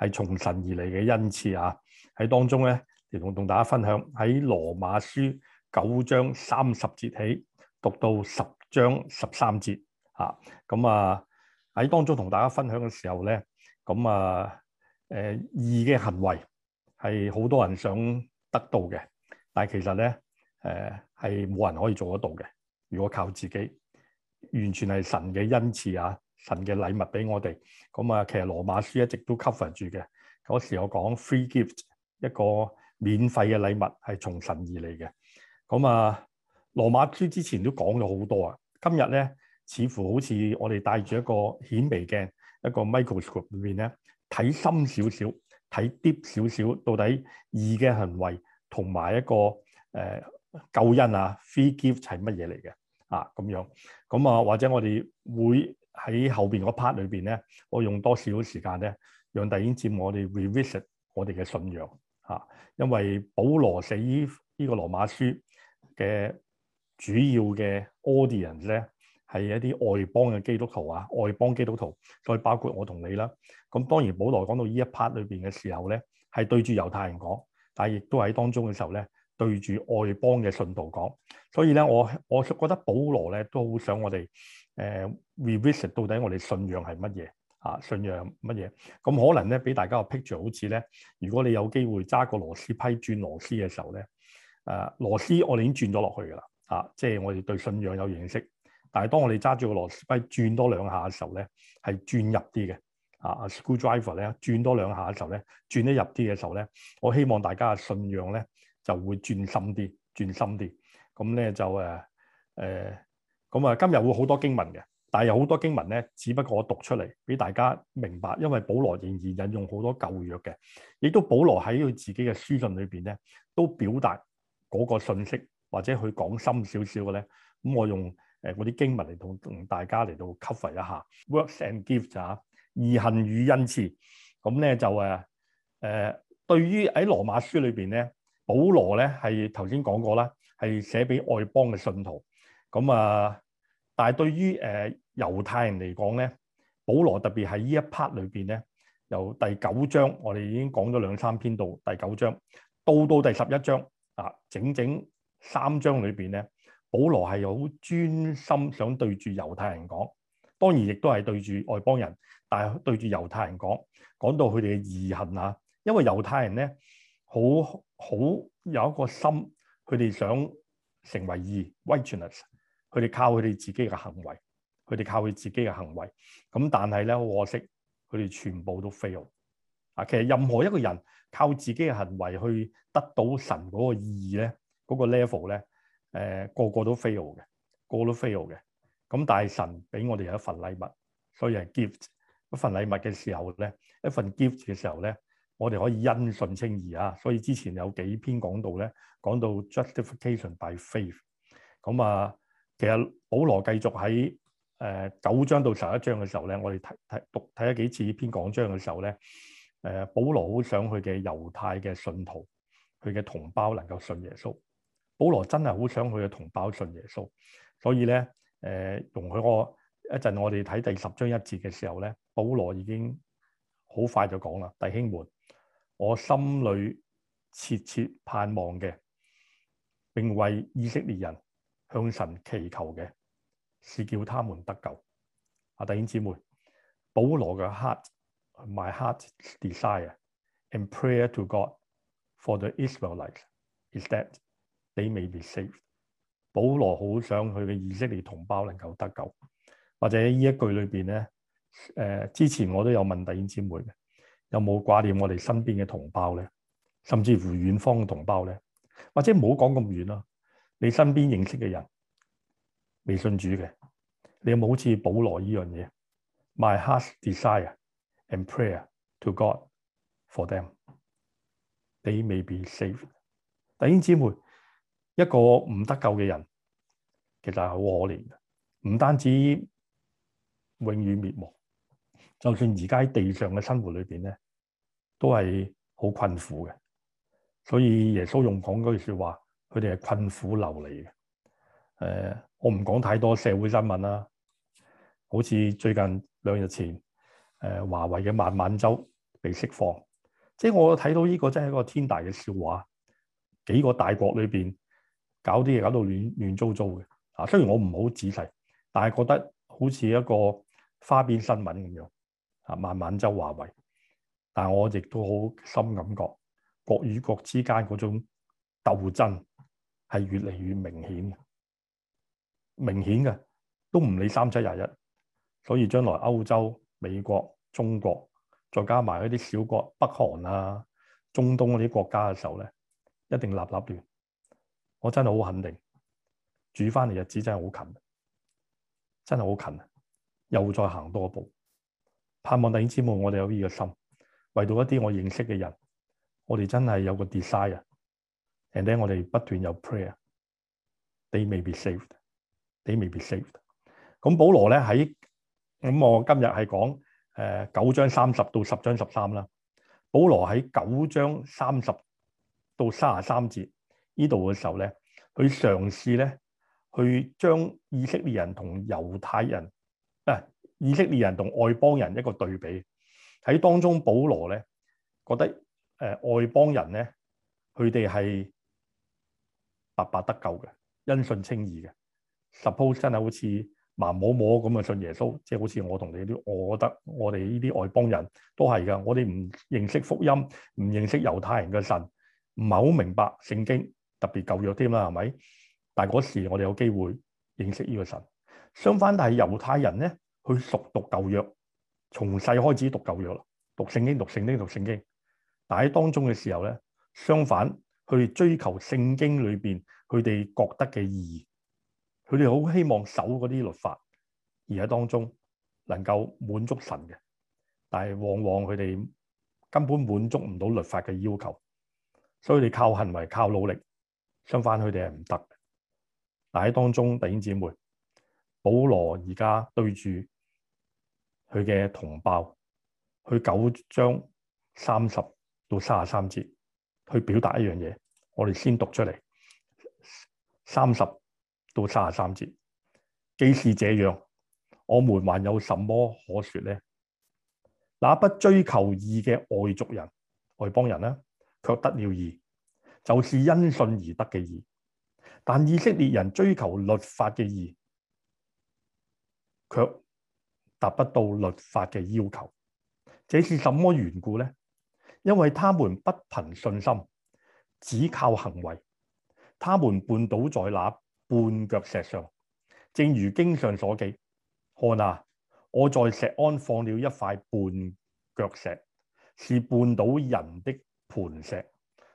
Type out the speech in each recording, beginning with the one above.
係從神而嚟嘅恩賜啊！喺當中咧，同同大家分享喺羅馬書九章三十節起讀到十章十三節嚇，咁啊喺、啊、當中同大家分享嘅時候咧，咁啊誒義嘅行為係好多人想得到嘅，但係其實咧誒係冇人可以做得到嘅。如果靠自己，完全係神嘅恩賜啊！神嘅禮物俾我哋，咁啊，其實羅馬書一直都 cover 住嘅。嗰時我講 free gift，一個免費嘅禮物係從神而嚟嘅。咁、嗯、啊，羅馬書之前都講咗好多啊。今日咧，似乎好似我哋帶住一個顯微鏡，一個 microscope 裏面咧，睇深少少，睇 deep 少少，到底義嘅行為同埋一個誒、呃、救恩啊，free gift 係乜嘢嚟嘅？啊，咁樣，咁、嗯、啊，或者我哋會。喺後邊嗰 part 裏邊咧，我用多少少時間咧，讓弟兄姊妹我哋 revisit 我哋嘅信仰嚇、啊，因為保羅寫呢個羅馬書嘅主要嘅 audience 咧係一啲外邦嘅基督徒啊，外邦基督徒，所以包括我同你啦。咁、啊、當然保羅講到呢一 part 裏邊嘅時候咧，係對住猶太人講，但係亦都喺當中嘅時候咧，對住外邦嘅信徒講。所以咧，我我覺得保羅咧都好想我哋。誒，revisit、呃、到底我哋信仰係乜嘢？啊，信仰乜嘢？咁、啊、可能咧，俾大家個 picture，好似咧，如果你有機會揸個螺絲批轉螺絲嘅時候咧，誒、啊，螺絲我哋已經轉咗落去噶啦，啊，即係我哋對信仰有認識。但係當我哋揸住個螺絲批轉多兩下嘅時候咧，係轉入啲嘅，啊，啊 screwdriver 咧，轉多兩下嘅時候咧，轉得入啲嘅時候咧，我希望大家嘅信仰咧就會轉深啲，轉深啲。咁、嗯、咧就誒誒。呃呃呃咁啊，今日會好多經文嘅，但係有好多經文咧，只不過我讀出嚟俾大家明白，因為保羅仍然引用好多舊約嘅，亦都保羅喺佢自己嘅書信裏邊咧，都表達嗰個信息或者佢講深少少嘅咧。咁、嗯、我用誒嗰啲經文嚟同大家嚟到 cover 一下。Works and gifts 啊，義行與恩賜。咁咧就誒誒、呃，對於喺羅馬書裏邊咧，保羅咧係頭先講過啦，係寫俾外邦嘅信徒。咁啊、嗯！但係對於誒猶太人嚟講咧，保羅特別喺呢一 part 裏邊咧，由第九章我哋已經講咗兩三篇到第九章，到到第十一章啊，整整三章裏邊咧，保羅係好專心想對住猶太人講，當然亦都係對住外邦人，但係對住猶太人講，講到佢哋嘅異恨啊，因為猶太人咧好好有一個心，佢哋想成為異，外佢哋靠佢哋自己嘅行為，佢哋靠佢自己嘅行為。咁但係咧，好可惜，佢哋全部都 fail。啊，其實任何一個人靠自己嘅行為去得到神嗰個意義咧，嗰、嗰個 level 咧，誒個個都 fail 嘅，個個都 fail 嘅。咁、啊、但係神俾我哋有一份禮物，所以係 gift 一份禮物嘅時候咧，一份 gift 嘅時候咧，我哋可以因信稱義啊。所以之前有幾篇講到咧，講到 justification by faith。咁啊～其實保羅繼續喺誒、呃、九章到十一章嘅時候咧，我哋睇睇讀睇咗幾次呢篇講章嘅時候咧，誒、呃、保羅好想佢嘅猶太嘅信徒，佢嘅同胞能夠信耶穌。保羅真係好想佢嘅同胞信耶穌，所以咧誒、呃、容許我一陣，我哋睇第十章一節嘅時候咧，保羅已經好快就講啦，弟兄們，我心裏切切盼望嘅，並為以色列人。向神祈求嘅，是叫他們得救。啊，弟兄姊妹，保羅嘅 heart、my heart、desire and prayer to God for the Israelites is that they may be saved。保羅好想佢嘅以色列同胞能夠得救，或者呢一句裏邊咧，誒、呃、之前我都有問弟兄姊妹有冇掛念我哋身邊嘅同胞咧，甚至乎遠方嘅同胞咧，或者唔好講咁遠啦。你身邊認識嘅人未信主嘅，你有冇好似保羅呢樣嘢？My heart's desire and prayer to God for them. They may be saved. S-A-V-E-D. 弟兄姊妹，一個唔得救嘅人，其實係好可憐嘅，唔單止永遠滅亡，就算而家喺地上嘅生活裏面，都係好困苦嘅。所以耶穌用講嗰句說話。佢哋係困苦流離嘅。誒、呃，我唔講太多社會新聞啦。好似最近兩日前，誒、呃，華為嘅孟晚舟被釋放，即係我睇到呢個真係一個天大嘅笑話。幾個大國裏邊搞啲嘢搞到亂亂糟糟嘅。啊，雖然我唔好仔細，但係覺得好似一個花邊新聞咁樣。啊，孟晚舟華為，但我亦都好深感覺，國與國之間嗰種鬥爭，係越嚟越明顯，明顯嘅都唔理三七廿一，所以將來歐洲、美國、中國，再加埋嗰啲小國、北韓啊、中東嗰啲國家嘅時候咧，一定立立亂。我真係好肯定，主翻嚟日子真係好近，真係好近，又再行多一步，盼望弟兄姊妹，我哋有呢個心，為到一啲我認識嘅人，我哋真係有個 design and 咧我哋不斷有 prayer，they may be saved，they may be saved, They may be saved。咁保羅咧喺，咁我今日係講誒九章三十到十章十三啦。保羅喺九章三十到三十三節呢度嘅時候咧，佢嘗試咧去將以色列人同猶太人啊，以色列人同外邦人一個對比，喺當中保羅呢。保羅咧覺得誒、呃、外邦人咧佢哋係。白白得救嘅，因信稱義嘅。Suppose 真係好似盲摸摸咁啊，信耶穌，即係好似我同你啲，我覺得我哋呢啲外邦人都係噶，我哋唔認識福音，唔認識猶太人嘅神，唔係好明白聖經，特別舊約添啦，係咪？但係嗰時我哋有機會認識呢個神。相反，但係猶太人咧，去熟讀舊約，從細開始讀舊約啦，讀聖經，讀聖經，讀聖經。但喺當中嘅時候咧，相反。佢哋追求聖經裏面佢哋覺得嘅意義，佢哋好希望守嗰啲律法而喺當中能夠滿足神嘅，但係往往佢哋根本滿足唔到律法嘅要求，所以你靠行為靠努力，相反佢哋係唔得。但係喺當中弟兄姊妹，保羅而家對住佢嘅同胞，去九章三十到三十三節。去表達一樣嘢，我哋先讀出嚟，三十到三十三節。既是這樣，我們還有什麼可説呢？那不追求義嘅外族人、外邦人呢，卻得了義，就是因信而得嘅義。但以色列人追求律法嘅義，卻達不到律法嘅要求。這是什麼緣故呢？因為他們不憑信心，只靠行為，他們絆倒在那絆腳石上。正如經上所記：看啊，我在石安放了一塊絆腳石，是絆倒人的磐石。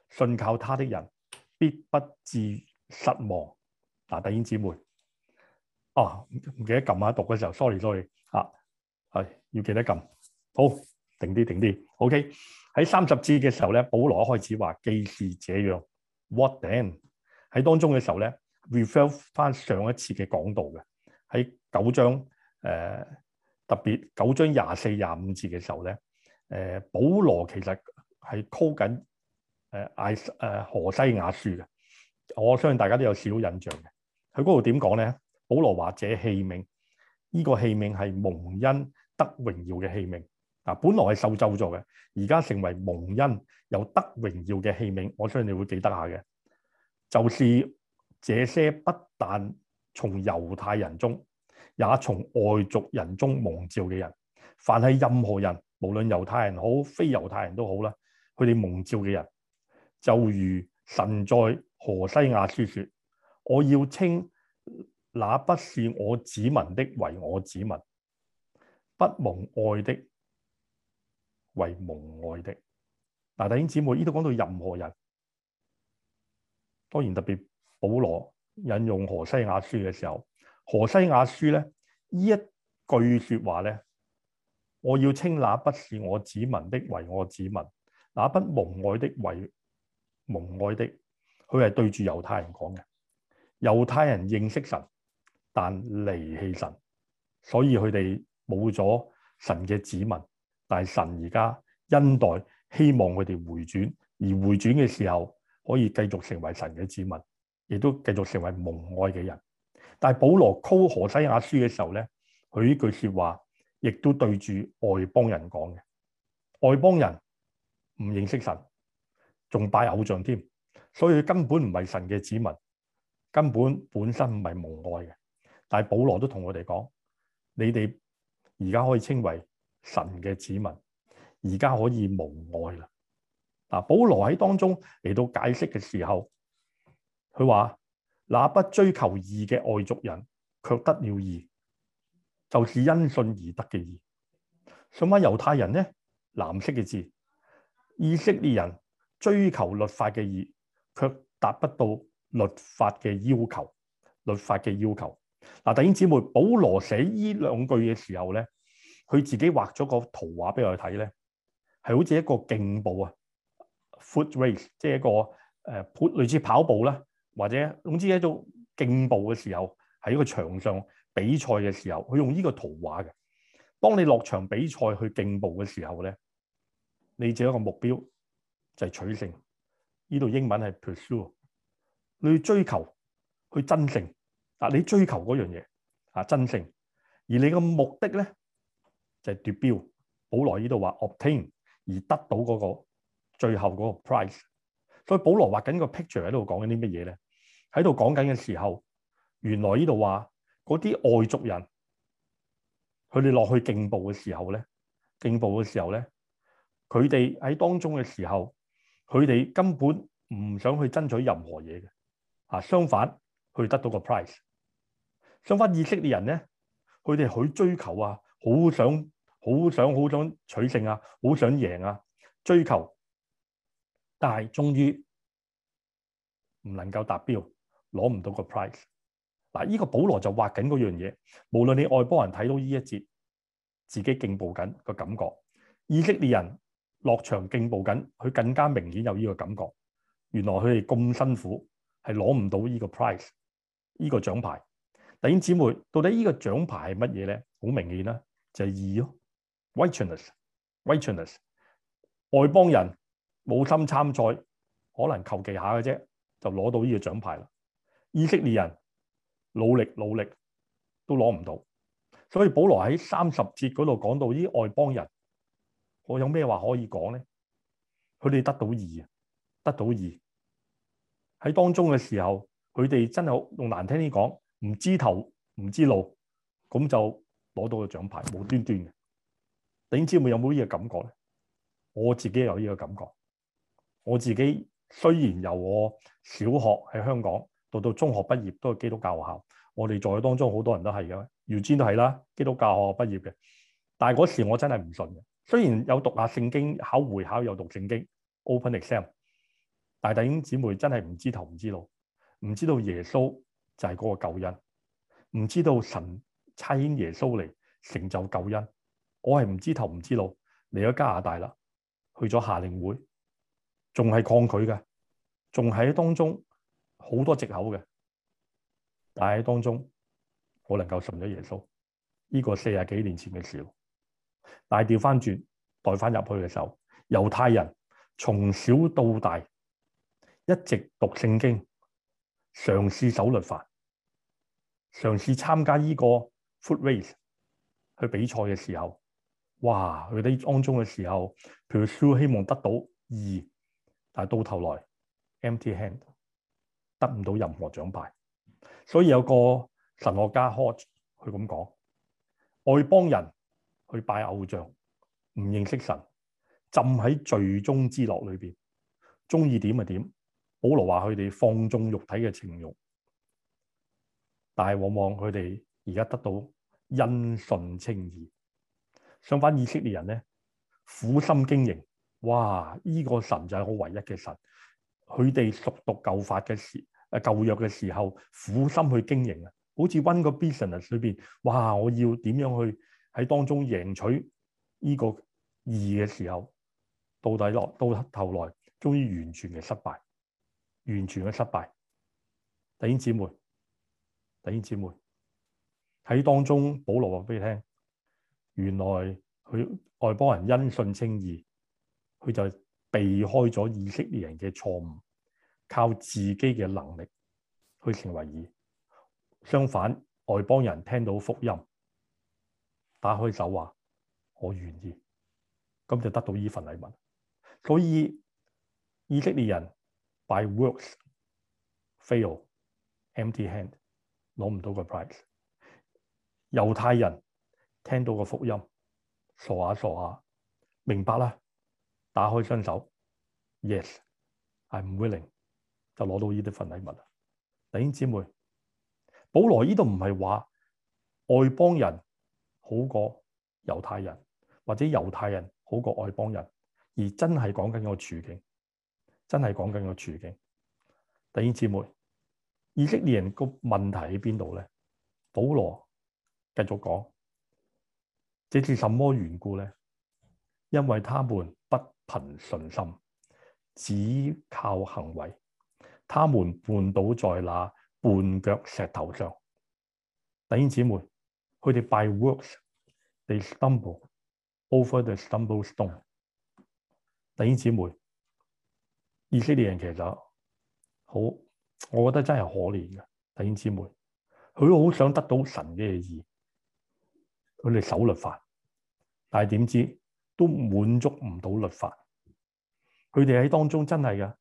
信靠他的人必不至失望。嗱、啊，弟兄姊妹，啊，唔記得撳啊，讀嘅時候，sorry，sorry，啊，係要記得撳，好，定啲，定啲，ok。喺三十字嘅時候咧，保羅開始話既是這樣。What then？喺當中嘅時候咧 refer 翻上一次嘅講道嘅喺九章誒、呃、特別九章廿四廿五字嘅時候咧，誒、呃、保羅其實係 call 緊誒艾誒何西亞書嘅。我相信大家都有少少印象嘅。喺嗰度點講咧？保羅話：這器皿，呢、這個器皿係蒙恩得榮耀嘅器皿。本來係受咒咗嘅，而家成為蒙恩有德榮耀嘅器皿，我相信你會記得下嘅，就是這些不但從猶太人中，也從外族人中蒙召嘅人，凡係任何人，無論猶太人好，非猶太人都好啦，佢哋蒙召嘅人，就如神在何西阿書説：我要稱那不是我子民的為我子民，不蒙愛的，為蒙愛的，嗱，弟兄姊妹，呢度講到任何人，當然特別保羅引用何西阿書嘅時候，何西阿書咧，呢一句說話咧，我要稱那不是我子民的為我子民，那不蒙愛的為蒙愛的，佢係對住猶太人講嘅，猶太人認識神，但離棄神，所以佢哋冇咗神嘅子民。但係神而家恩待，希望佢哋回轉，而回轉嘅時候可以繼續成為神嘅子民，亦都繼續成為蒙愛嘅人。但係保羅 call 何西亞書嘅時候咧，佢呢句說話亦都對住外邦人講嘅，外邦人唔認識神，仲拜偶像添，所以根本唔係神嘅子民，根本本身唔係蒙愛嘅。但係保羅都同我哋講，你哋而家可以稱為。神嘅子民而家可以無礙啦。嗱，保羅喺當中嚟到解釋嘅時候，佢話：那不追求義嘅外族人，卻得了義，就是因信而得嘅義。相反猶太人呢？藍色嘅字，以色列人追求律法嘅義，卻達不到律法嘅要求。律法嘅要求。嗱，弟兄姊妹，保羅寫呢兩句嘅時候咧。佢自己畫咗個圖畫俾我哋睇咧，係好似一個競步啊，footrace，即係一個誒、呃、類似跑步啦，或者總之一種競步嘅時候喺個場上比賽嘅時候，佢用呢個圖畫嘅。當你落場比賽去競步嘅時候咧，你自己個目標就係取勝，呢度英文係 pursue，你追求去爭勝啊！你追求嗰樣嘢啊，爭勝，而你嘅目的咧。就係奪標，ill，保羅呢度話 obtain 而得到嗰個最後嗰個 price。所以保羅畫緊個 picture 喺度講緊啲乜嘢咧？喺度講緊嘅時候，原來呢度話嗰啲外族人，佢哋落去競步嘅時候咧，競步嘅時候咧，佢哋喺當中嘅時候，佢哋根本唔想去爭取任何嘢嘅。啊，相反去得到個 price。相反以色列人咧，佢哋好追求啊，好想。好想好想取勝啊！好想贏啊！追求，但係終於唔能夠達標，攞唔到個 price。嗱，呢個保羅就畫緊嗰樣嘢。無論你外邦人睇到呢一節，自己競步緊個感覺，以色列人落場競步緊，佢更加明顯有呢個感覺。原來佢哋咁辛苦，係攞唔到呢個 price，呢個獎牌。弟兄姊妹，到底呢個獎牌係乜嘢咧？好明顯啦，就係二咯。w w、right right、外邦人冇心參賽，可能求其下嘅啫，就攞到呢個獎牌啦。以色列人努力努力都攞唔到，所以保羅喺三十節嗰度講到呢啲外邦人，我有咩話可以講咧？佢哋得到義啊，得到義喺當中嘅時候，佢哋真係好用難聽啲講，唔知頭唔知路，咁就攞到個獎牌，無端端嘅。弟兄姊妹有冇呢個感覺咧？我自己有呢個感覺。我自己，我自己雖然由我小學喺香港到到中學畢業都係基督教學校，我哋在座嘅當中好多人都係嘅，姚堅都係啦，基督教學校畢業嘅。但係嗰時我真係唔信嘅，雖然有讀下聖經，考會考有讀聖經 open exam，但係弟兄姊妹真係唔知頭唔知路，唔知道耶穌就係嗰個救恩，唔知道神差遣耶穌嚟成就救恩。我係唔知頭唔知路嚟咗加拿大啦，去咗夏令會，仲係抗拒嘅，仲喺當中好多藉口嘅，但係當中我能夠信咗耶穌，呢個四十幾年前嘅事。但係調翻轉，代翻入去嘅時候，猶太人從小到大一直讀聖經，嘗試守律法，嘗試參加呢個 foot race 去比賽嘅時候。哇！佢哋裝宗嘅時候，佢超希望得到義，但到頭來 empty hand 得唔到任何獎牌。所以有個神學家 Hodge 佢咁講：外邦人去拜偶像，唔認識神，浸喺罪中之樂裏邊，中意點就點。保羅話：佢哋放縱肉體嘅情慾，但係往往佢哋而家得到因信稱義。相反，以色列人咧苦心經營，哇！依、這個神就係我唯一嘅神。佢哋熟讀舊法嘅時，誒舊約嘅時候苦心去經營啊，好似 run 個 business 裏邊，哇！我要點樣去喺當中贏取依個義嘅時候，到底落到，到頭來，終於完全嘅失敗，完全嘅失敗。弟兄姊妹，弟兄姊妹喺當中保羅，保羅話俾你聽。原來佢外邦人因信稱義，佢就避開咗以色列人嘅錯誤，靠自己嘅能力去成為義。相反，外邦人聽到福音，打開手話，我願意，咁就得到呢份禮物。所以以色列人 by works fail empty hand 攞唔到個 prize，猶太人。聽到個福音，傻下傻下，明白啦！打開雙手，Yes, I'm willing，就攞到呢啲份禮物啦！弟兄姊妹，保羅呢度唔係話外邦人好過猶太人，或者猶太人好過外邦人，而真係講緊個處境，真係講緊個處境。弟兄姊妹，以色列人個問題喺邊度咧？保羅繼續講。這是什麼緣故呢？因為他們不憑信心，只靠行為，他們絆倒在那絆腳石頭上。弟兄姊妹，佢哋拜 works，they stumble over the stumble stone。弟兄姊妹，以色列人其實好，我覺得真係可憐嘅。弟兄姊妹，佢都好想得到神嘅意義，佢哋守律法。但係點知都滿足唔到律法，佢哋喺當中真係噶，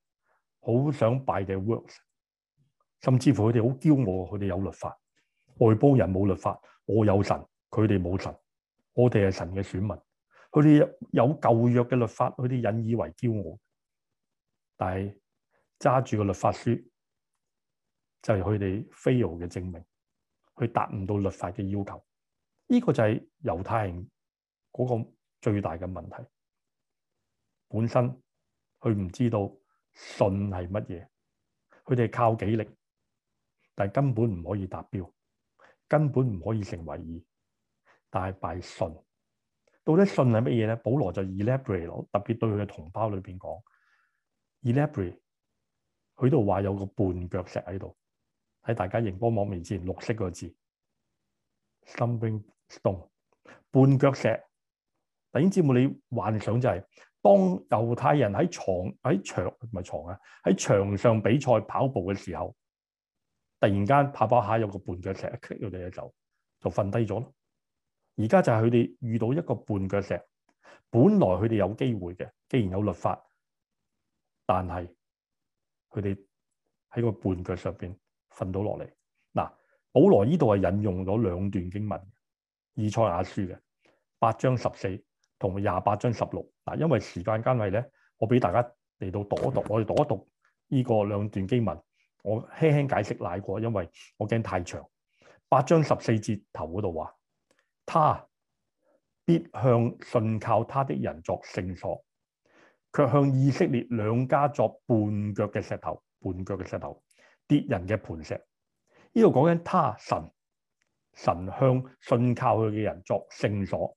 好想 by their works，甚至乎佢哋好驕傲，佢哋有律法，外邦人冇律法，我有神，佢哋冇神，我哋係神嘅選民，佢哋有舊約嘅律法，佢哋引以為驕傲，但係揸住個律法書，就係佢哋 fail 嘅證明，佢達唔到律法嘅要求，呢、這個就係猶太人。嗰個最大嘅問題，本身佢唔知道信係乜嘢，佢哋靠紀力，但係根本唔可以達標，根本唔可以成為義，但係拜信。到底信係乜嘢咧？保羅就 elaborate，特別對佢嘅同胞裏邊講 elaborate，佢度話有個絆腳石喺度，喺大家熒光幕面前綠色個字，stumbling stone 絆腳石。第二節目你幻想就係、是、當猶太人喺牀喺場唔係牀啊喺場上比賽跑步嘅時候，突然間跑跑下有個絆腳石一 kick 佢哋就就瞓低咗咯。而家就係佢哋遇到一個絆腳石，本來佢哋有機會嘅，既然有律法，但係佢哋喺個絆腳上邊瞓到落嚟嗱。保羅呢度係引用咗兩段經文，以賽亞書嘅八章十四。同埋廿八章十六，嗱，因為時間關係咧，我俾大家嚟到讀一讀，我哋讀一讀呢個兩段經文，我輕輕解釋解過，因為我驚太長。八章十四節頭嗰度話，他必向信靠他的人作聖所，卻向以色列兩家作絆腳嘅石頭，絆腳嘅石頭，跌人嘅磐石。呢度講緊他神，神向信靠佢嘅人作聖所。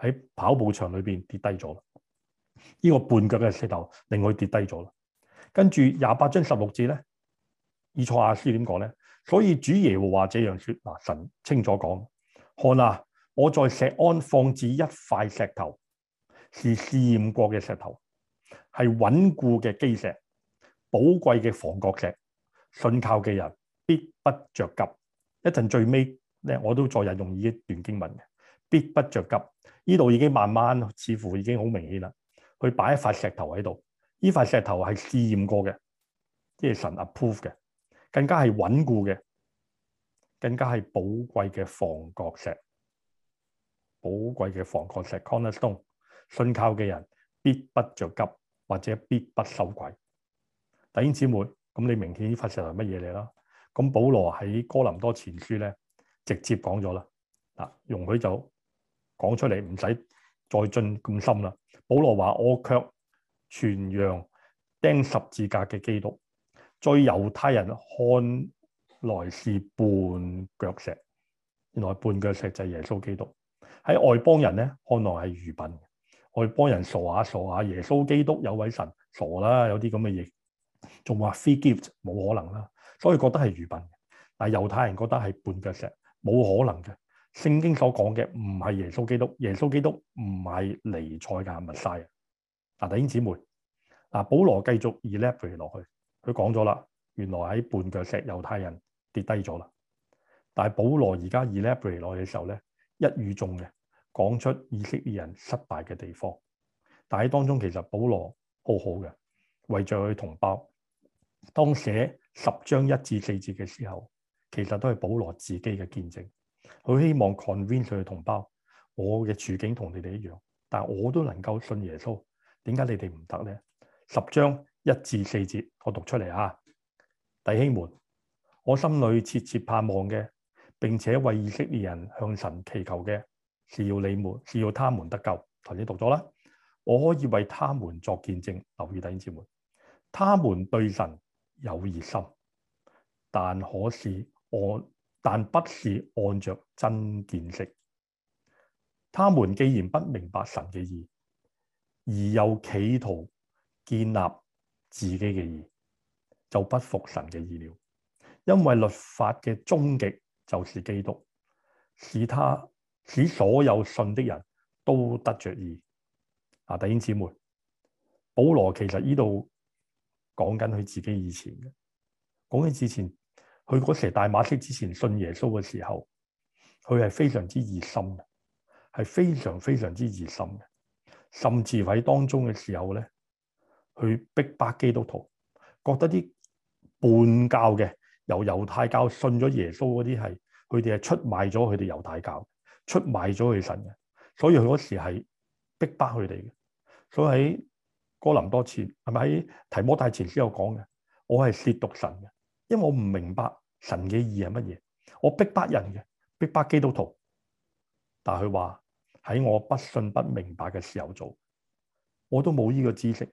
喺跑步場裏邊跌低咗啦！依、這個絆腳嘅石頭令我跌低咗啦。跟住廿八章十六節咧，以賽亞書點講咧？所以主耶和華這樣説：嗱，神清楚講，看啊，我在錫安放置一塊石頭，是試驗過嘅石頭，係穩固嘅基石，寶貴嘅房角石。信靠嘅人必不着急。一陣最尾咧，我都再引用依一段經文嘅。必不着急，呢度已經慢慢，似乎已經好明顯啦。佢擺一塊石頭喺度，呢塊石頭係試驗過嘅，即係神 approve 嘅，更加係穩固嘅，更加係寶貴嘅防角石，寶貴嘅防角石。Cornerstone，信靠嘅人必不着急，或者必不羞愧。弟兄姊妹，咁你明顯呢塊石頭係乜嘢嚟啦。咁保羅喺哥林多前書咧，直接講咗啦。嗱，用佢就。講出嚟唔使再進咁深啦。保羅話：我卻傳揚釘十字架嘅基督，在猶太人看來是絆腳石。原來絆腳石就係耶穌基督，喺外邦人咧看來係愚笨，外邦人傻下、啊、傻下、啊，耶穌基督有位神傻啦、啊，有啲咁嘅嘢，仲話 free gift 冇可能啦，所以覺得係愚笨。但係猶太人覺得係絆腳石，冇可能嘅。聖經所講嘅唔係耶穌基督，耶穌基督唔係尼賽噶密西。啊！弟兄姊妹，嗱，保羅繼續 elaborate 落去，佢講咗啦，原來喺絆腳石猶太人跌低咗啦。但係保羅而家 elaborate 落去嘅時候咧，一語中嘅講出以色列人失敗嘅地方。但喺當中其實保羅好好嘅，為著佢同胞，當寫十章一至四節嘅時候，其實都係保羅自己嘅見證。佢希望 convince 佢嘅同胞，我嘅處境同你哋一樣，但係我都能夠信耶穌，點解你哋唔得咧？十章一至四節，我讀出嚟吓，弟兄們，我心裏切切盼望嘅，並且為以色列人向神祈求嘅，是要你們，是要他們得救。頭先讀咗啦，我可以為他們作見證，留意弟兄姊妹，他們對神有熱心，但可是我。但不是按着真見識，他們既然不明白神嘅義，而又企圖建立自己嘅義，就不服神嘅義了。因為律法嘅終極就是基督，使他使所有信的人都得着義。啊，弟兄姊妹，保羅其實呢度講緊佢自己以前嘅，講緊之前。佢嗰時大馬色之前信耶穌嘅時候，佢係非常之熱心，係非常非常之熱心嘅。甚至喺當中嘅時候咧，佢逼迫基督徒，覺得啲叛教嘅由猶太教信咗耶穌嗰啲係，佢哋係出賣咗佢哋猶太教，出賣咗佢神嘅。所以佢嗰時係逼迫佢哋嘅。所以喺哥林多前，係咪喺提摩太前先書講嘅？我係褻瀆神嘅。因為我唔明白神嘅義係乜嘢，我逼迫人嘅，逼迫基督徒，但係佢話喺我不信不明白嘅時候做，我都冇呢個知識，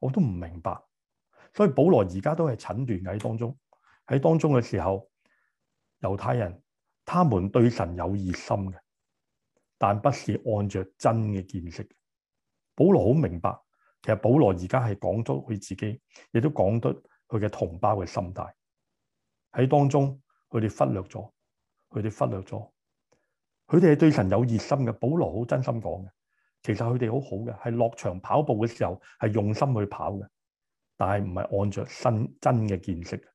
我都唔明白。所以保羅而家都係診斷喺當中，喺當中嘅時候，猶太人他們對神有熱心嘅，但不是按着真嘅見識。保羅好明白，其實保羅而家係講咗佢自己，亦都講得佢嘅同胞嘅心態。喺當中，佢哋忽略咗，佢哋忽略咗，佢哋係對神有熱心嘅。保羅好真心講嘅，其實佢哋好好嘅，係落場跑步嘅時候係用心去跑嘅，但係唔係按着新真嘅見識。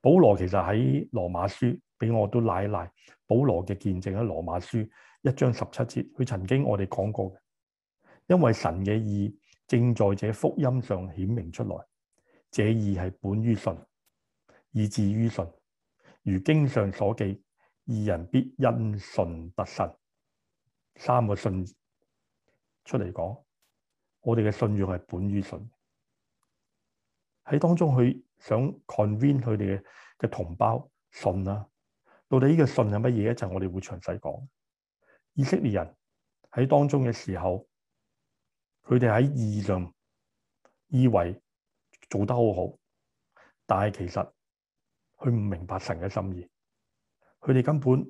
保羅其實喺羅馬書俾我都賴賴保羅嘅見證喺羅馬書一章十七節，佢曾經我哋講過嘅，因為神嘅意正在這福音上顯明出來，這意係本於信，以至於信，如經上所記，二人必因信得信。三個信出嚟講，我哋嘅信仰係本於信喺當中。佢想 convince 佢哋嘅同胞信啦、啊。到底呢個信係乜嘢咧？就我哋會詳細講。以色列人喺當中嘅時候，佢哋喺意上以為做得好好，但係其實。佢唔明白神嘅心意，佢哋根本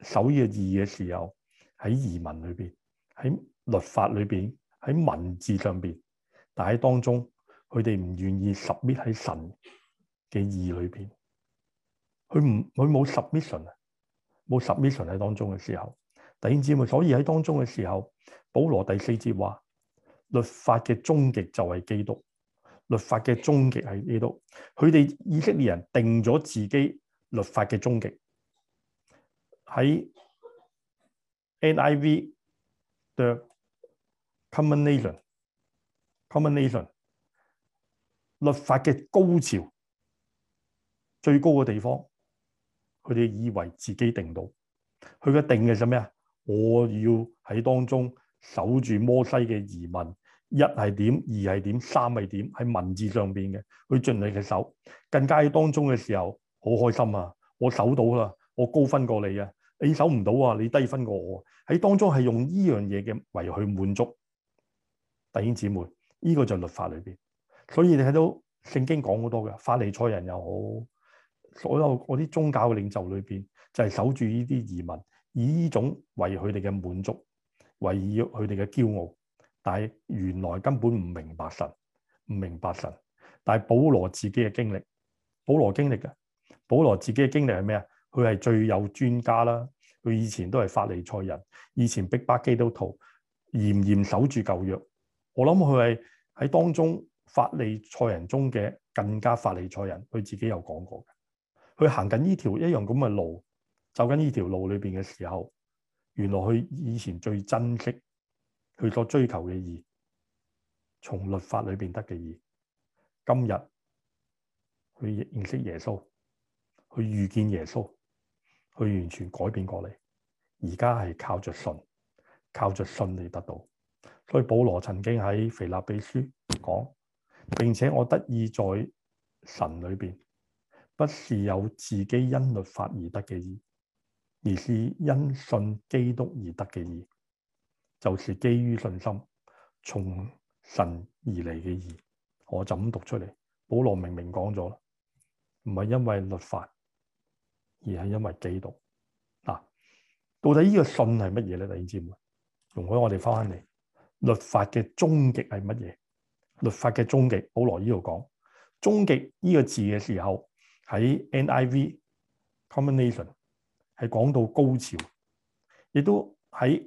守呢個義嘅時候喺儀文裏邊，喺律法裏邊，喺文字上邊，但喺當中佢哋唔願意 submit 喺神嘅義裏邊，佢唔佢冇 submission 啊，冇 submission 喺當中嘅時候，第二節咪所以喺當中嘅時候，保羅第四節話，律法嘅終極就係基督。律法嘅終極喺呢度，佢哋以色列人定咗自己律法嘅終極喺 NIV 的 culmination，culmination culmination，律法嘅高潮最高嘅地方，佢哋以為自己定到，佢哋定嘅係咩？我要喺當中守住摩西嘅移民。一係點，二係點，三係點，喺文字上邊嘅，去盡你嘅手。更加喺當中嘅時候，好開心啊！我守到啦，我高分過你啊！你守唔到啊，你低分過我。喺當中係用呢樣嘢嘅為去滿足弟兄姊妹，呢、呢個就律法裏邊。所以你睇到聖經講好多嘅，法利賽人又好，所有嗰啲宗教嘅領袖裏邊，就係、是、守住呢啲移民，以呢種為佢哋嘅滿足，為要佢哋嘅驕傲。但係原來根本唔明白神，唔明白神。但係保羅自己嘅經歷，保羅經歷嘅，保羅自己嘅經歷係咩啊？佢係最有專家啦。佢以前都係法利賽人，以前逼迫基督徒，嚴嚴守住舊約。我諗佢係喺當中法利賽人中嘅更加法利賽人。佢自己有講過嘅，佢行緊呢條一樣咁嘅路，走緊呢條路裏邊嘅時候，原來佢以前最珍惜。佢所追求嘅義，從律法裏面得嘅義，今日去認識耶穌，去遇見耶穌，去完全改變過嚟。而家係靠着信，靠着信嚟得到。所以保羅曾經喺腓立比書講，並且我得意在神裏面，不是有自己因律法而得嘅義，而是因信基督而得嘅義。就是基於信心，從神而嚟嘅義，我就咁讀出嚟。保羅明明講咗啦，唔係因為律法，而係因為基督。啊，到底呢個信係乜嘢呢？你知唔知，容許我哋翻翻嚟，律法嘅終極係乜嘢？律法嘅終極，保羅呢度講終極呢個字嘅時候，喺 NIV combination 係講到高潮，亦都喺。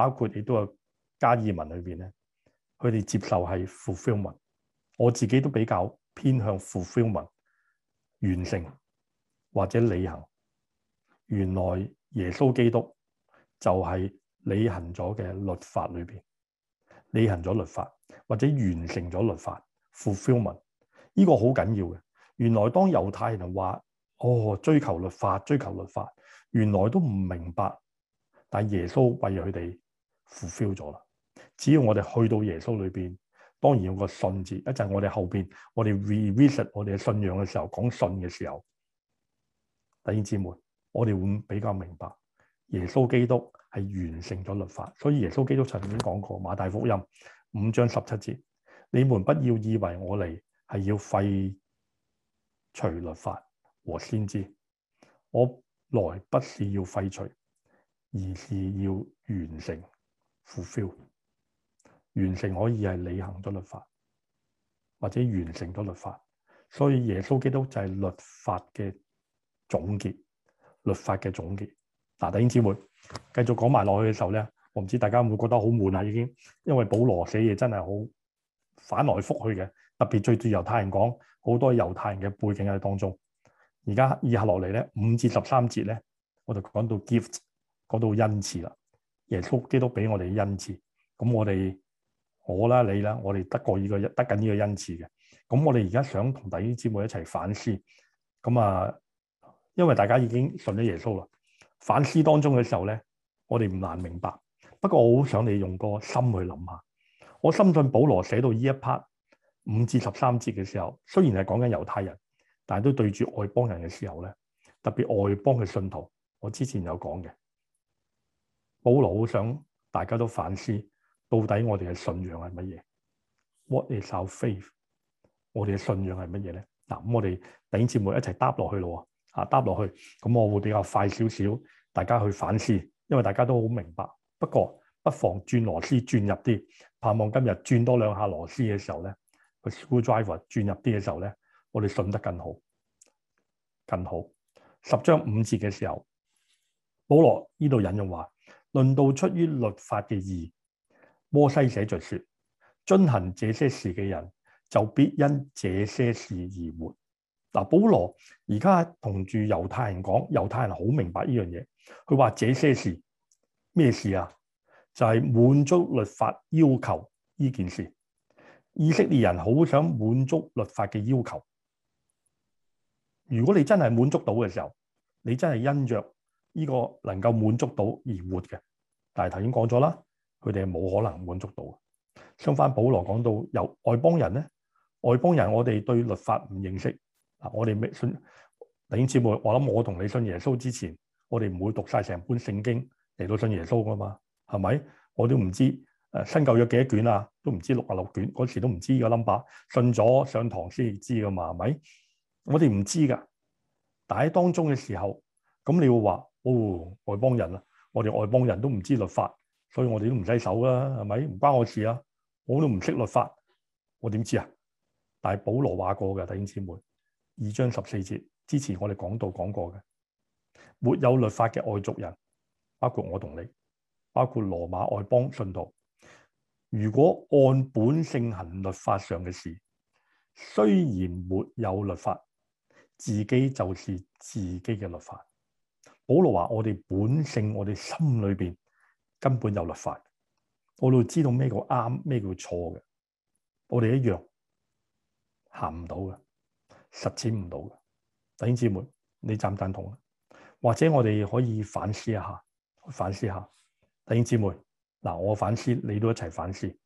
包括亦都係加爾文裏邊咧，佢哋接受係 fulfillment。我自己都比較偏向 fulfillment，完成或者履行。原來耶穌基督就係履行咗嘅律法裏邊，履行咗律法或者完成咗律法 fulfillment。呢個好緊要嘅。原來當猶太人話哦，追求律法追求律法，原來都唔明白，但係耶穌為佢哋 fulfill 咗啦。只要我哋去到耶穌裏邊，當然有個信字。一陣我哋後邊，我哋 revisit 我哋嘅信仰嘅時候，講信嘅時候，弟兄姊妹，我哋會比較明白耶穌基督係完成咗律法。所以耶穌基督曾經講過《馬太福音》五章十七節，你們不要以為我嚟係要廢除律法和先知，我來不是要廢除，而是要完成。fulfil 完成可以係履行咗律法，或者完成咗律法，所以耶穌基督就係律法嘅總結，律法嘅總結。嗱、啊，弟兄姊妹，繼續講埋落去嘅時候咧，我唔知大家會唔會覺得好悶啦，已經，因為保羅寫嘢真係好反來覆去嘅，特別最對猶太人講，好多猶太人嘅背景喺當中。而家以下落嚟咧，五至十三節咧，我就講到 gift，講到恩賜啦。耶穌基督俾我哋嘅恩賜，咁我哋我啦你啦，我哋得過呢個得緊呢個恩賜嘅。咁我哋而家想同弟兄姊妹一齊反思，咁啊，因為大家已經信咗耶穌啦。反思當中嘅時候咧，我哋唔難明白。不過我好想你用個心去諗下，我深信保羅寫到呢一 part 五至十三節嘅時候，雖然係講緊猶太人，但係都對住外邦人嘅時候咧，特別外邦嘅信徒。我之前有講嘅。保羅好想大家都反思，到底我哋嘅信仰係乜嘢？What is our faith？我哋嘅信仰係乜嘢咧？嗱、嗯，咁我哋頂節目一齊搭落去咯，啊搭落去，咁我會比較快少少，大家去反思，因為大家都好明白。不過不妨轉螺絲轉入啲，盼望今日轉多兩下螺絲嘅時候咧，個 screwdriver 轉入啲嘅時候咧，我哋信得更好，更好。十章五節嘅時候，保羅呢度引用話。論到出於律法嘅義，摩西寫着說：遵行這些事嘅人就必因這些事而活。嗱，保羅而家同住猶太人講，猶太人好明白呢樣嘢。佢話，這些事咩事啊？就係滿足律法要求呢件事。以色列人好想滿足律法嘅要求。如果你真係滿足到嘅時候，你真係因著。呢個能夠滿足到而活嘅，但係頭先講咗啦，佢哋係冇可能滿足到。相反保羅講，保羅講到由外邦人咧，外邦人我哋對律法唔認識，嗱，我哋未信弟兄姊妹，我諗我同你信耶穌之前，我哋唔會讀晒成本聖經嚟到信耶穌噶嘛？係咪？我都唔知誒新舊約幾多卷啊？都唔知六啊六卷嗰時都唔知呢個 number，信咗上堂先至知噶嘛？係咪？我哋唔知㗎，但係喺當中嘅時候，咁你會話。哦，外邦人啊，我哋外邦人都唔知律法，所以我哋都唔使守啦，係咪？唔關我事啊，我都唔識律法，我點知啊？但係保羅話過嘅，弟兄姊妹，二章十四節之前我哋講到講過嘅，沒有律法嘅外族人，包括我同你，包括羅馬外邦信徒，如果按本性行律法上嘅事，雖然沒有律法，自己就是自己嘅律法。保羅話：我哋本性，我哋心裏邊根本有律法，我哋會知道咩叫啱，咩叫錯嘅，我哋一樣行唔到嘅，實踐唔到嘅。弟兄姊妹，你讚唔讚同？或者我哋可以反思一下，反思一下。弟兄姊妹，嗱，我反思，你都一齊反思。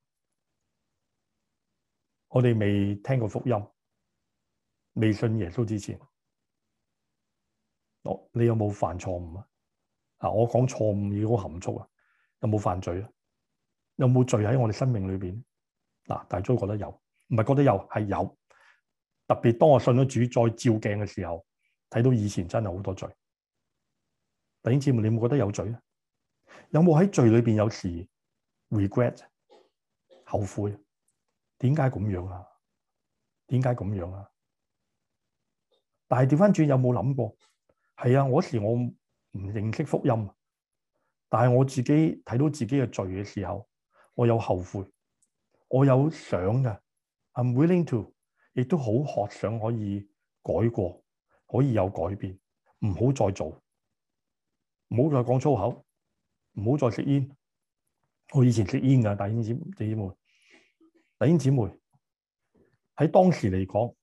我哋未聽過福音，未信耶穌之前。你有冇犯錯誤啊？嗱，我講錯誤要好含蓄啊。有冇犯罪啊？有冇罪喺我哋生命裏邊？嗱，啊，大家都覺得有，唔係覺得有係有。特別當我信咗主再照鏡嘅時候，睇到以前真係好多罪。弟兄姊妹，你有冇覺得有罪啊？有冇喺罪裏邊有時 regret 後悔？點解咁樣啊？點解咁樣啊？但係調翻轉，有冇諗過？係啊，嗰時我唔認識福音，但係我自己睇到自己嘅罪嘅時候，我有後悔，我有想㗎，I'm willing to，亦都好渴想可以改過，可以有改變，唔好再做，唔好再講粗口，唔好再食煙。我以前食煙㗎，弟兄姐妹，弟兄姐妹喺當時嚟講，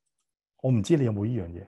我唔知道你有冇呢樣嘢。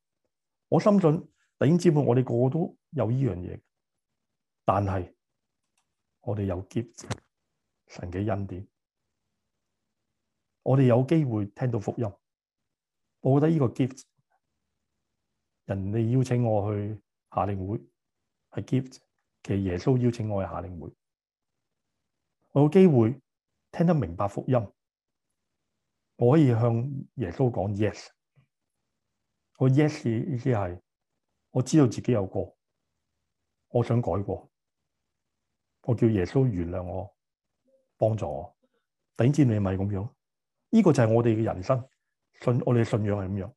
我相信，頂尖我哋個個都有呢樣嘢，但係我哋有 gift 神嘅恩典，我哋有機會聽到福音。我覺得呢個 gift，人哋邀請我去夏令會，係 gift，其實耶穌邀請我去夏令會，我有機會聽得明白福音，我可以向耶穌講 yes。個 yes 意思係，我知道自己有過，我想改過，我叫耶穌原諒我，幫助我。弟兄姊妹，你咪咁樣？呢個就係我哋嘅人生，信我哋嘅信仰係咁樣。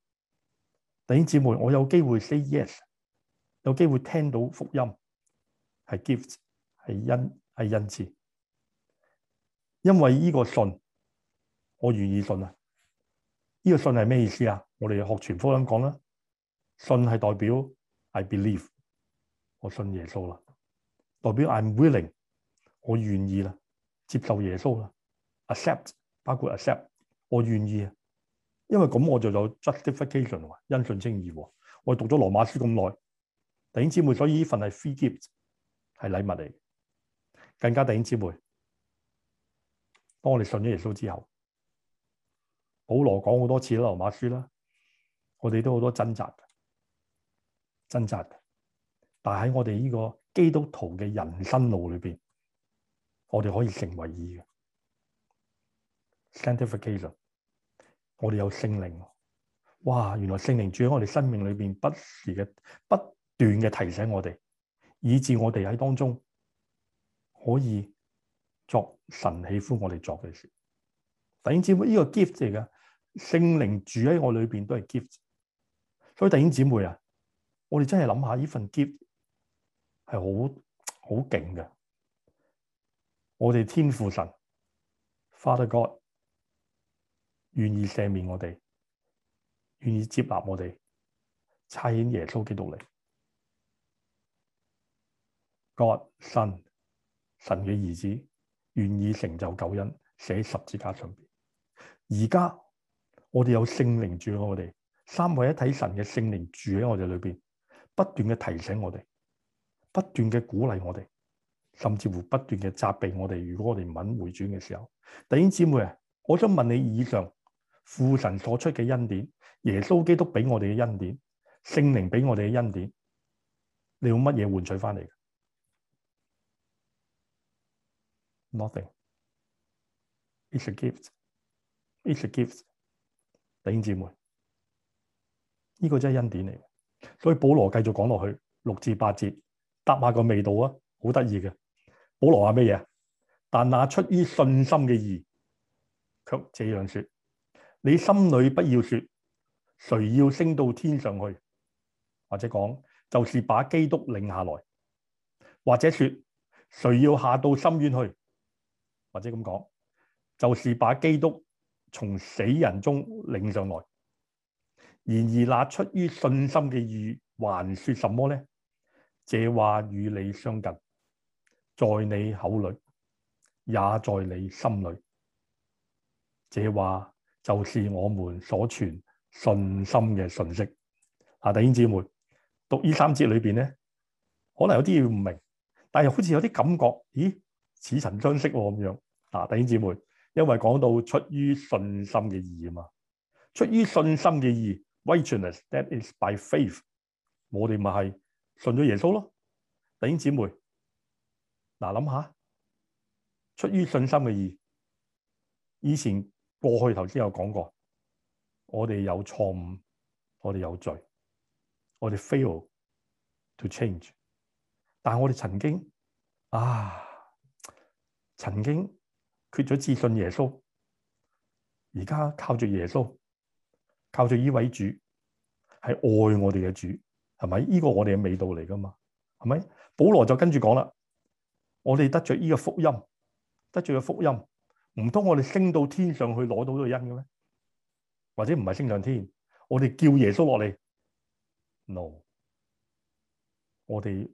弟兄姊妹，我有機會 say yes，有機會聽到福音，係 gift，係恩，係恩賜，因為呢個信，我願意信啊。呢個信係咩意思啊？我哋學傳福音咁講啦，信係代表 I believe，我信耶穌啦，代表 I'm willing，我願意啦，接受耶穌啦，accept 包括 accept，我願意，啊！因為咁我就有 justification，因信稱義。我讀咗羅馬書咁耐，弟兄姊妹，所以呢份係 free gift，係禮物嚟嘅。更加弟兄姊妹，當我哋信咗耶穌之後。保羅講好多次啦，《羅馬書》啦，我哋都好多掙扎嘅。掙扎嘅。但喺我哋呢個基督徒嘅人生路裏邊，我哋可以成為義嘅，sanctification 我哋有聖靈，哇！原來聖靈住喺我哋生命裏邊，不時嘅、不斷嘅提醒我哋，以致我哋喺當中可以作神喜歡我哋作嘅事。反點知呢、呢個 gift 嚟嘅？聖靈住喺我裏面都係 gift，所以弟兄姊妹啊，我哋真係諗下呢份 gift 係好好勁嘅。我哋天父神 Father God 願意赦免我哋，願意接納我哋差遣耶穌基督嚟。God 神神嘅兒子願意成就救恩，寫十字架上面。而家。我哋有聖靈住喺我哋，三位一體神嘅聖靈住喺我哋裏邊，不斷嘅提醒我哋，不斷嘅鼓勵我哋，甚至乎不斷嘅責備我哋。如果我哋唔肯回轉嘅時候，弟兄姊妹啊，我想問你以上父神所出嘅恩典，耶穌基督俾我哋嘅恩典，聖靈俾我哋嘅恩典，你用乜嘢換取翻嚟嘅？Nothing。It’s a gift. It’s a gift. 弟兄姊妹，呢、這個真係恩典嚟，所以保羅繼續講落去六至八節，答下個味道啊，好得意嘅。保羅話咩嘢？但那出於信心嘅義，卻這樣說：你心裏不要說，誰要升到天上去，或者講就是把基督領下來；或者說，誰要下到深淵去，或者咁講，就是把基督。從死人中領上來。然而那出於信心嘅義，還說什麼呢？這話與你相近，在你口裏，也在你心裏。這話就是我們所傳信心嘅信息。啊，弟兄姊妹，讀三節面呢三節裏邊咧，可能有啲嘢唔明，但係又好似有啲感覺，咦，似曾相識咁樣。啊，弟兄姊妹。因為講到出於信心嘅義啊嘛，出於信心嘅義，righteousness that is by faith，我哋咪係信咗耶穌咯，弟兄姊妹，嗱諗下，出於信心嘅義，以前過去頭先有講過，我哋有錯誤，我哋有罪，我哋 fail to change，但係我哋曾經啊，曾經。缺咗自信，耶穌而家靠住耶穌，靠住呢位主係愛我哋嘅主，係咪？呢個我哋嘅味道嚟噶嘛？係咪？保羅就跟住講啦，我哋得着呢個福音，得着個福音，唔通我哋升到天上去攞到呢個恩嘅咩？或者唔係升上天，我哋叫耶穌落嚟？No，我哋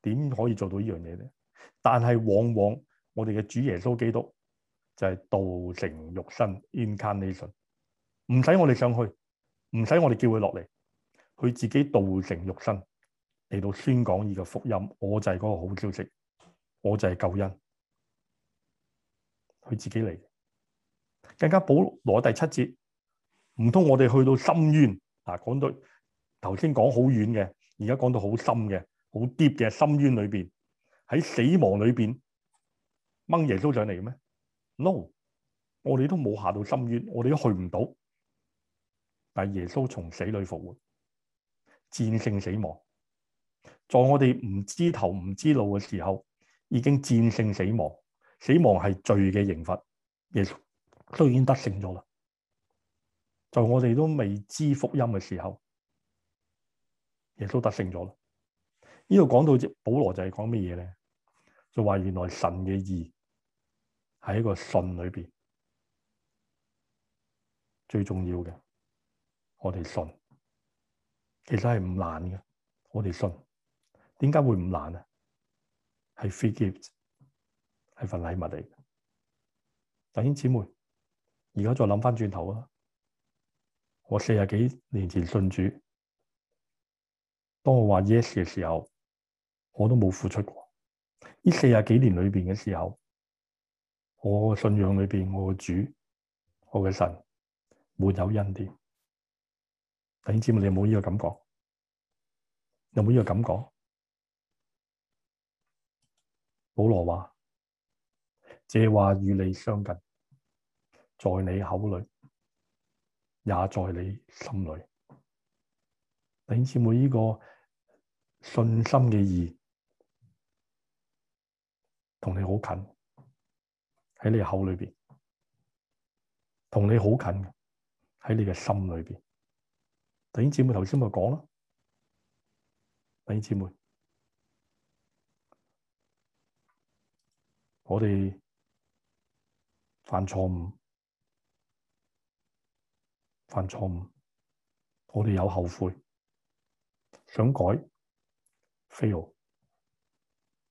點可以做到呢樣嘢咧？但係往往。我哋嘅主耶穌基督就係、是、道成肉身，Incarnation，唔使我哋上去，唔使我哋叫佢落嚟，佢自己道成肉身嚟到宣講呢個福音，我就係嗰個好消息，我就係救恩，佢自己嚟嘅，更加保羅第七節，唔通我哋去到深淵啊？講到頭先講好遠嘅，而家講到好深嘅、好 deep 嘅深淵裏邊，喺死亡裏邊。掹耶穌上嚟嘅咩？No，我哋都冇下到深淵，我哋都去唔到。但係耶穌從死裏復活，戰勝死亡。在我哋唔知頭唔知路嘅時候，已經戰勝死亡。死亡係罪嘅刑罰，耶穌都已經得勝咗啦。在我哋都未知福音嘅時候，耶穌得勝咗啦。呢度講到只保羅就係講咩嘢咧？就話原來神嘅義。喺一個信裏面最重要嘅，我哋信，其實係唔難嘅。我哋信，點解會唔難啊？係 free gift，係份禮物嚟嘅。弟兄姊妹，而家再諗翻轉頭啊！我四十幾年前信主，當我話 yes 嘅時候，我都冇付出過。呢四十幾年裏面嘅時候。我嘅信仰裏邊，我嘅主，我嘅神，滿有恩典。弟兄姐妹，你有冇呢個感覺？有冇呢個感覺？保羅話：這話與你相近，在你口裏，也在你心裏。弟兄姐妹，呢個信心嘅義，同你好近。喺你嘅口裏邊，同你好近嘅，喺你嘅心裏邊。弟兄姐妹，頭先咪講咯，弟兄姐妹，我哋犯錯誤，犯錯誤，我哋有後悔，想改 fail，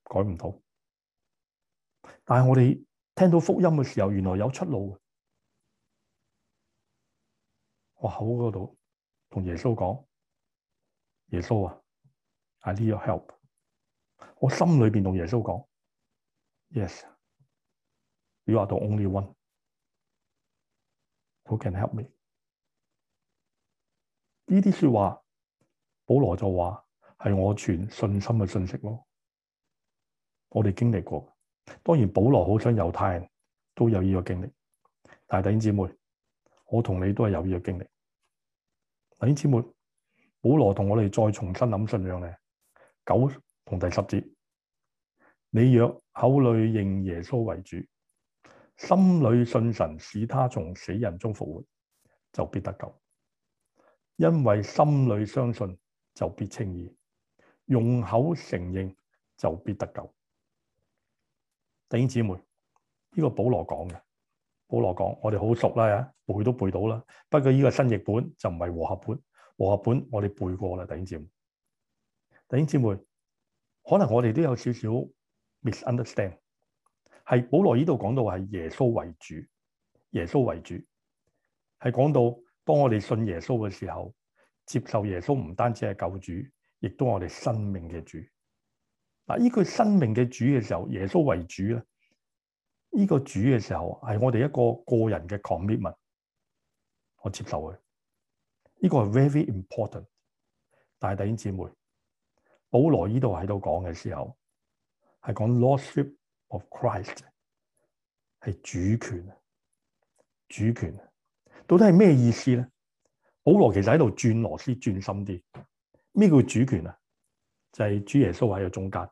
改唔到，但係我哋。聽到福音嘅時候，原來有出路。我口嗰度同耶穌講：耶穌啊，I need your help。我心裏邊同耶穌講：Yes，you are the only one who can help me。呢啲說話，保羅就話係我傳信心嘅信息咯。我哋經歷過。當然，保羅好想猶太人都有呢個經歷，但係弟兄姊妹，我同你都係有呢個經歷。弟兄姊妹，保羅同我哋再重新諗信仰咧，九同第十節，你若口裏認耶穌為主，心裏信神使他從死人中復活，就必得救，因為心裏相信就必稱義，用口承認就必得救。弟兄姊妹，呢、這個保羅講嘅，保羅講我哋好熟啦，背都背到啦。不過呢個新譯本就唔係和合本，和合本我哋背過啦。弟兄姊妹，弟兄姊妹，可能我哋都有少少 misunderstand，係保羅呢度講到係耶穌為主，耶穌為主，係講到當我哋信耶穌嘅時候，接受耶穌唔單止係救主，亦都係我哋生命嘅主。嗱，呢句生命嘅主嘅時候，耶穌為主咧，呢個主嘅時候係我哋一個個人嘅 commitment，我接受佢。呢個係 very important。但係弟兄姊妹，保羅呢度喺度講嘅時候係講 Lordship of Christ，係主權，主權，到底係咩意思呢？保羅其實喺度轉螺絲轉深啲，咩叫主權啊？就係主耶穌喺個中間，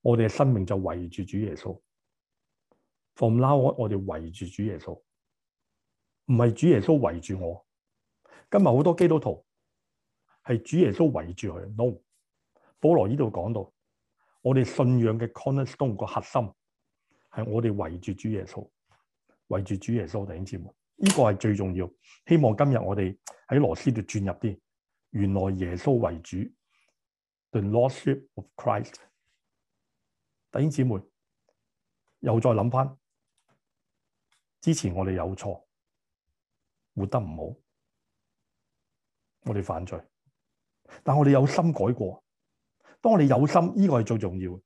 我哋嘅生命就圍住主耶穌。From now on, 我哋圍住主耶穌，唔係主耶穌圍住我。今日好多基督徒係主耶穌圍住佢。No，保羅呢度講到，我哋信仰嘅 cornerstone 個核心係我哋圍住主耶穌，圍住主耶穌頂。弟兄姊妹，呢個係最重要。希望今日我哋喺羅斯度轉入啲，原來耶穌為主。The Lordship of Christ，弟兄姊妹又再諗翻，之前我哋有錯，活得唔好，我哋犯罪，但我哋有心改過。當我哋有心，呢、這個係最重要。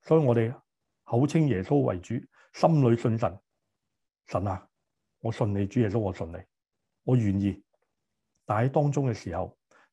所以我哋口稱耶穌為主，心裏信神。神啊，我信你，主耶穌，我信你，我願意。但喺當中嘅時候。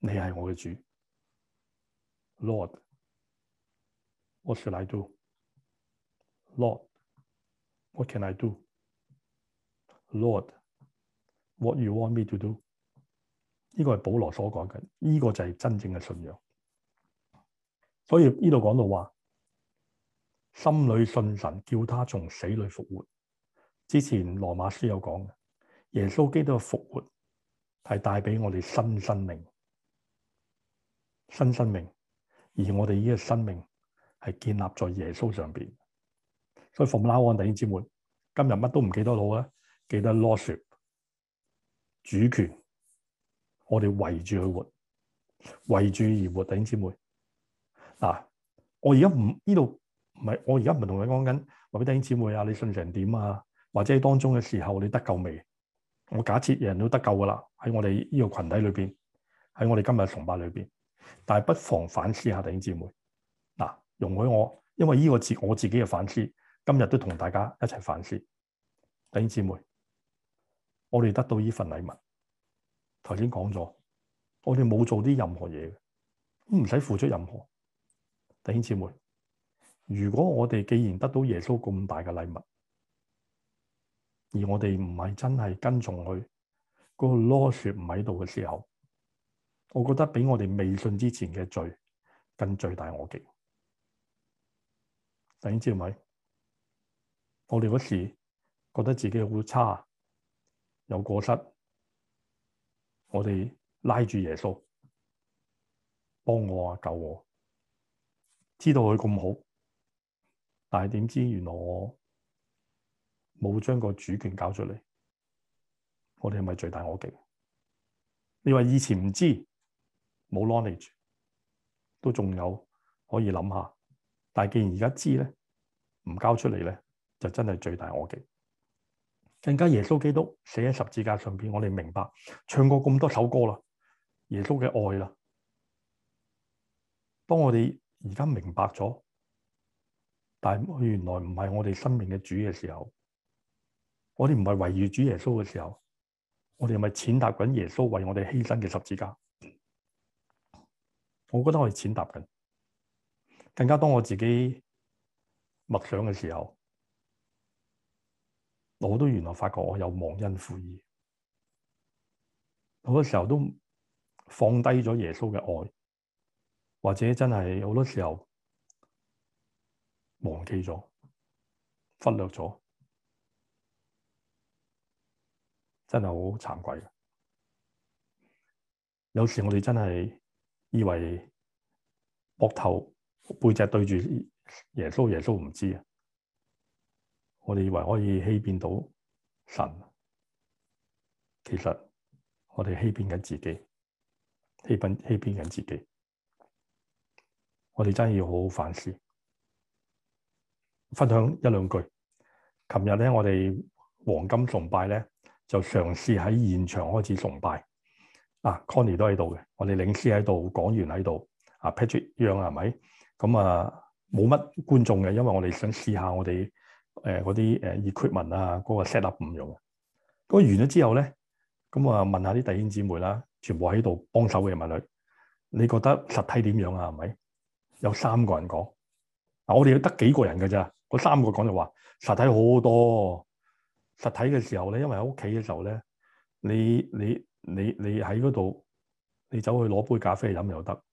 你係我嘅主，Lord。What should I do？Lord，What can I do？Lord，What you want me to do？呢個係保羅所講嘅，呢、這個就係真正嘅信仰。所以呢度講到話，心裏信神，叫他從死裏復活。之前羅馬書有講嘅，耶穌基督復活係帶俾我哋新生命。新生命，而我哋呢個生命係建立在耶穌上面。所以奉拉安弟兄姊妹，今日乜都唔記得到啊，記得 lordship 主權，我哋圍住去活，圍住而活，弟兄姊妹，啊，我而家唔呢度唔係我而家唔同你講緊，話俾弟兄姊妹啊，你信成點啊？或者喺當中嘅時候你得救未？我假設人都得救噶啦，喺我哋呢個群體裏面，喺我哋今日崇拜裏面。但係不妨反思下弟兄姊妹，嗱、啊，容許我，因為呢個字我自己嘅反思，今日都同大家一齊反思，弟兄姊妹，我哋得到呢份禮物，頭先講咗，我哋冇做啲任何嘢，都唔使付出任何，弟兄姊妹，如果我哋既然得到耶穌咁大嘅禮物，而我哋唔係真係跟從佢，嗰、那個囉嗦唔喺度嘅時候。我覺得比我哋未信之前嘅罪更罪大惡極。點知唔係？我哋嗰時覺得自己好差，有過失，我哋拉住耶穌幫我啊，救我，知道佢咁好，但係點知原來我冇將個主權交出嚟，我哋係咪罪大惡極？你話以前唔知。冇 knowledge 都仲有可以諗下，但既然而家知咧，唔交出嚟咧，就真係罪大惡極。更加耶穌基督寫喺十字架上邊，我哋明白唱過咁多首歌啦，耶穌嘅愛啦。當我哋而家明白咗，但係佢原來唔係我哋生命嘅主嘅時候，我哋唔係唯餘主耶穌嘅時候，我哋咪踐踏緊耶穌為我哋犧牲嘅十字架。我覺得我係踐踏緊，更加當我自己默想嘅時候，我都原來發覺我有忘恩負義，好多時候都放低咗耶穌嘅愛，或者真係好多時候忘記咗，忽略咗，真係好慚愧嘅。有時我哋真係。以為膊頭背脊對住耶穌，耶穌唔知啊！我哋以為可以欺騙到神，其實我哋欺騙緊自己，欺騙欺騙緊自己。我哋真係要好好反思，分享一兩句。昨日咧，我哋黃金崇拜咧，就嘗試喺現場開始崇拜。啊，Connie 都喺度嘅，我哋領司喺度，講員喺度，啊 Patrick 樣係咪？咁啊，冇乜觀眾嘅，因為我哋想試下我哋誒嗰啲誒 equipment 啊，嗰、那個 set up 唔用。咁、嗯、完咗之後咧，咁、嗯、啊問下啲弟兄姊妹啦，全部喺度幫手嘅人物女，你覺得實體點樣啊？係咪？有三個人講，嗱、啊、我哋得幾個人㗎咋？嗰三個講就話實體好多，實體嘅時候咧，因為喺屋企嘅時候咧，你你。你你喺嗰度，你走去攞杯咖啡飲又得，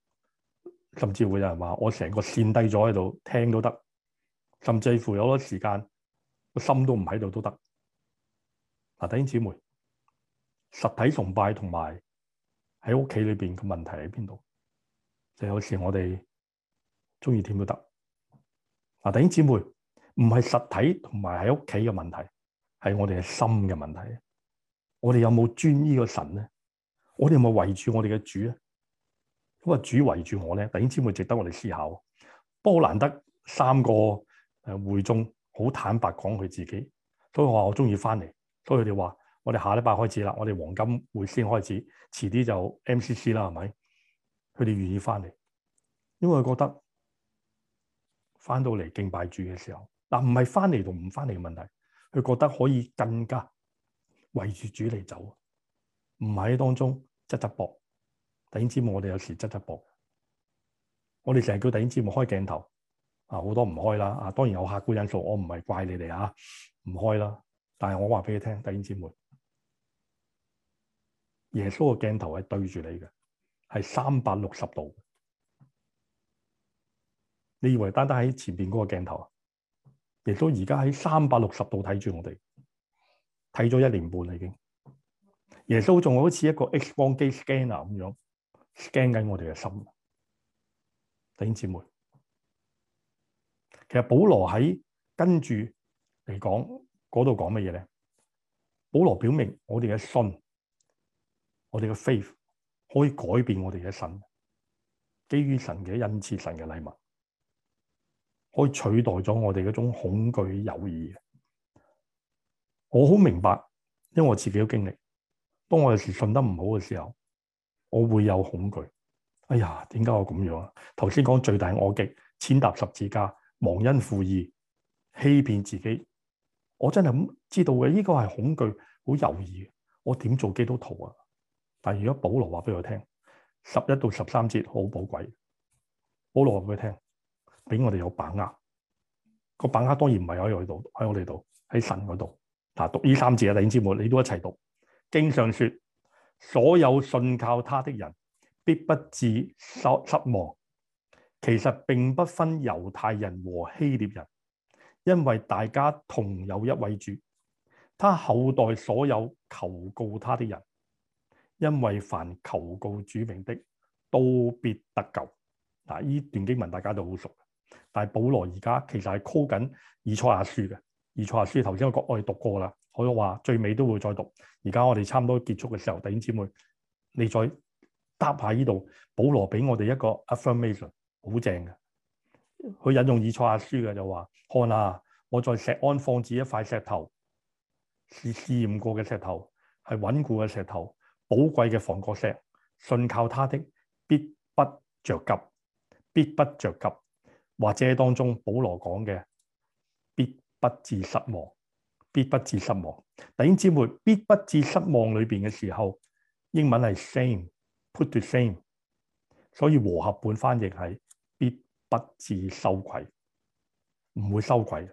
甚至會有人話：我成個瞓低咗喺度聽都得，甚至乎有好多時間個心都唔喺度都得。嗱，弟兄姊妹，實體崇拜同埋喺屋企裏邊嘅問題喺邊度？就好似我哋中意點都得。嗱，弟兄姊妹，唔係實體同埋喺屋企嘅問題，係我哋嘅心嘅問題。我哋有冇專依個神呢？我哋有冇圍住我哋嘅主呢？因為，主圍住我呢，突然之間會值得我哋思考啊。不過難得三個誒會眾好坦白講佢自己，都話我中意翻嚟，所以佢哋話我哋下禮拜開始啦，我哋黃金會先開始，遲啲就 MCC 啦，係咪？佢哋願意翻嚟，因為佢覺得翻到嚟敬拜主嘅時候，嗱唔係翻嚟同唔翻嚟嘅問題，佢覺得可以更加。圍住主嚟走，唔喺當中側側膊。弟兄姊妹，我哋有時側側膊，我哋成日叫弟兄姊妹開鏡頭，啊好多唔開啦。啊，當然有客觀因素，我唔係怪你哋吓，唔、啊、開啦。但係我話俾你聽，弟兄姊妹，耶穌嘅鏡頭係對住你嘅，係三百六十度。你以為單單喺前邊嗰個鏡頭，耶穌而家喺三百六十度睇住我哋。睇咗一年半啦，已經。耶穌仲好似一個 X 光機 scanner 咁樣 scan 緊我哋嘅心。弟兄姊妹，其實保羅喺跟住嚟講嗰度講乜嘢咧？保羅表明我哋嘅信，我哋嘅 faith 可以改變我哋嘅心，基於神嘅恩賜、神嘅禮物，可以取代咗我哋嗰種恐懼、猶疑。我好明白，因為我自己都經歷。當我有時信得唔好嘅時候，我會有恐懼。哎呀，點解我咁樣啊？頭先講最大惡極，踐踏十字架，忘恩負義，欺騙自己。我真係咁知道嘅，呢個係恐懼，好猶豫。我點做基督徒啊？但係如果保羅話俾我聽，十一到十三節好寶貴。保羅話俾佢聽，俾我哋有把握。個把握當然唔係喺我度，喺我哋度，喺神嗰度。嗱，讀呢三字啊，弟兄姊妹你都一齊讀。經上說，所有信靠他的人必不致失失望。其實並不分猶太人和希臘人，因為大家同有一位主。他後代所有求告他的人，因為凡求告主名的都必得救。嗱，呢段經文大家都好熟，但係保羅而家其實係 call 緊以賽亞書嘅。以賽亞書頭先我哋讀過啦，我都話最尾都會再讀。而家我哋差唔多結束嘅時候，弟兄姊妹，你再搭下呢度，保羅俾我哋一個 affirmation，好正嘅。佢引用以賽亞書嘅就話：看下，我在石安放置一塊石頭，是試驗過嘅石頭，係穩固嘅石頭，寶貴嘅房角石。信靠他的必不著急，必不著急。或者當中保羅講嘅。不至失望，必不至失望。弟兄姊妹，必不至失望。裏邊嘅時候，英文係 same，put the same，所以和合本翻譯係必不至羞愧，唔會羞愧。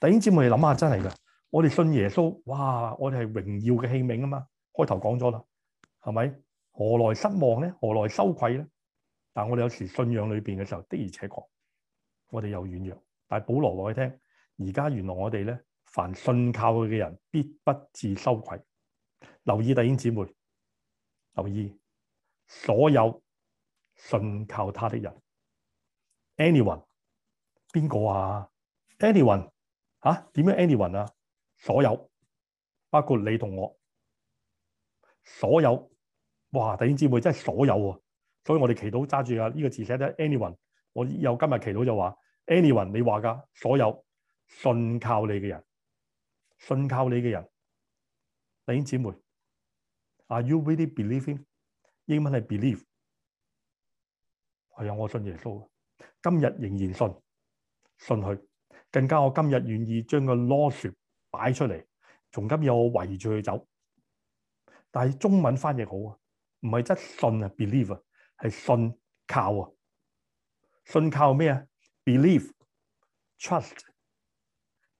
弟兄姊妹，你諗下，真係噶，我哋信耶穌，哇，我哋係榮耀嘅器皿啊嘛。開頭講咗啦，係咪？何來失望咧？何來羞愧咧？但係我哋有時信仰裏邊嘅時候，的而且確，我哋又軟弱。但係保羅話佢聽。而家原來我哋咧，凡信靠佢嘅人必不自羞愧。留意弟兄姊妹，留意所有信靠他的人，anyone，邊個啊？anyone 吓、啊？點樣？anyone 啊，所有包括你同我，所有哇！弟兄姊妹真係所有啊，所以我哋祈禱揸住啊呢個字寫得 anyone。我有今日祈禱就話 anyone，你話㗎，所有。信靠你嘅人，信靠你嘅人，弟兄姊妹，Are you really believing？英文係 believe，係啊，我信耶穌，今日仍然信，信佢，更加我今日願意將個 lawship 擺出嚟，從今日我圍住佢走。但係中文翻譯好啊，唔係真信啊，believe 啊，係信靠啊，信靠咩啊？believe，trust。Believe, Trust,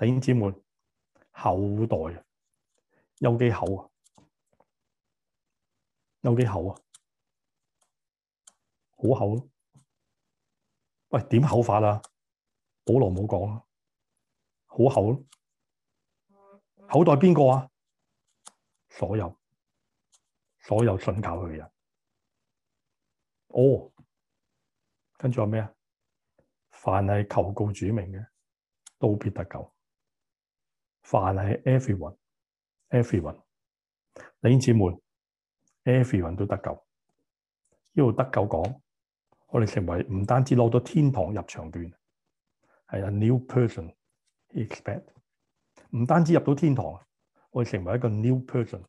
弟兄姊妹，厚待有幾厚啊？有幾厚啊？好厚、啊、喂，點厚法啊？保羅冇講咯，好厚咯、啊！厚待邊個啊？所有，所有信靠佢嘅人。哦，跟住話咩啊？凡係求告主名嘅，都必得救。凡係 everyone，everyone，弟兄姊，姊妹，everyone 都得救。因為得救講，我哋成為唔單止攞到天堂入場券，係 new person expect。唔單止入到天堂，我哋成為一個 new person。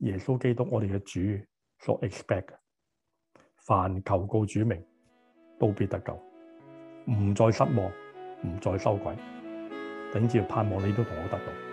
耶穌基督，我哋嘅主所 expect，凡求告主名都必得救，唔再失望，唔再羞愧。等住，盼望你都同我得到。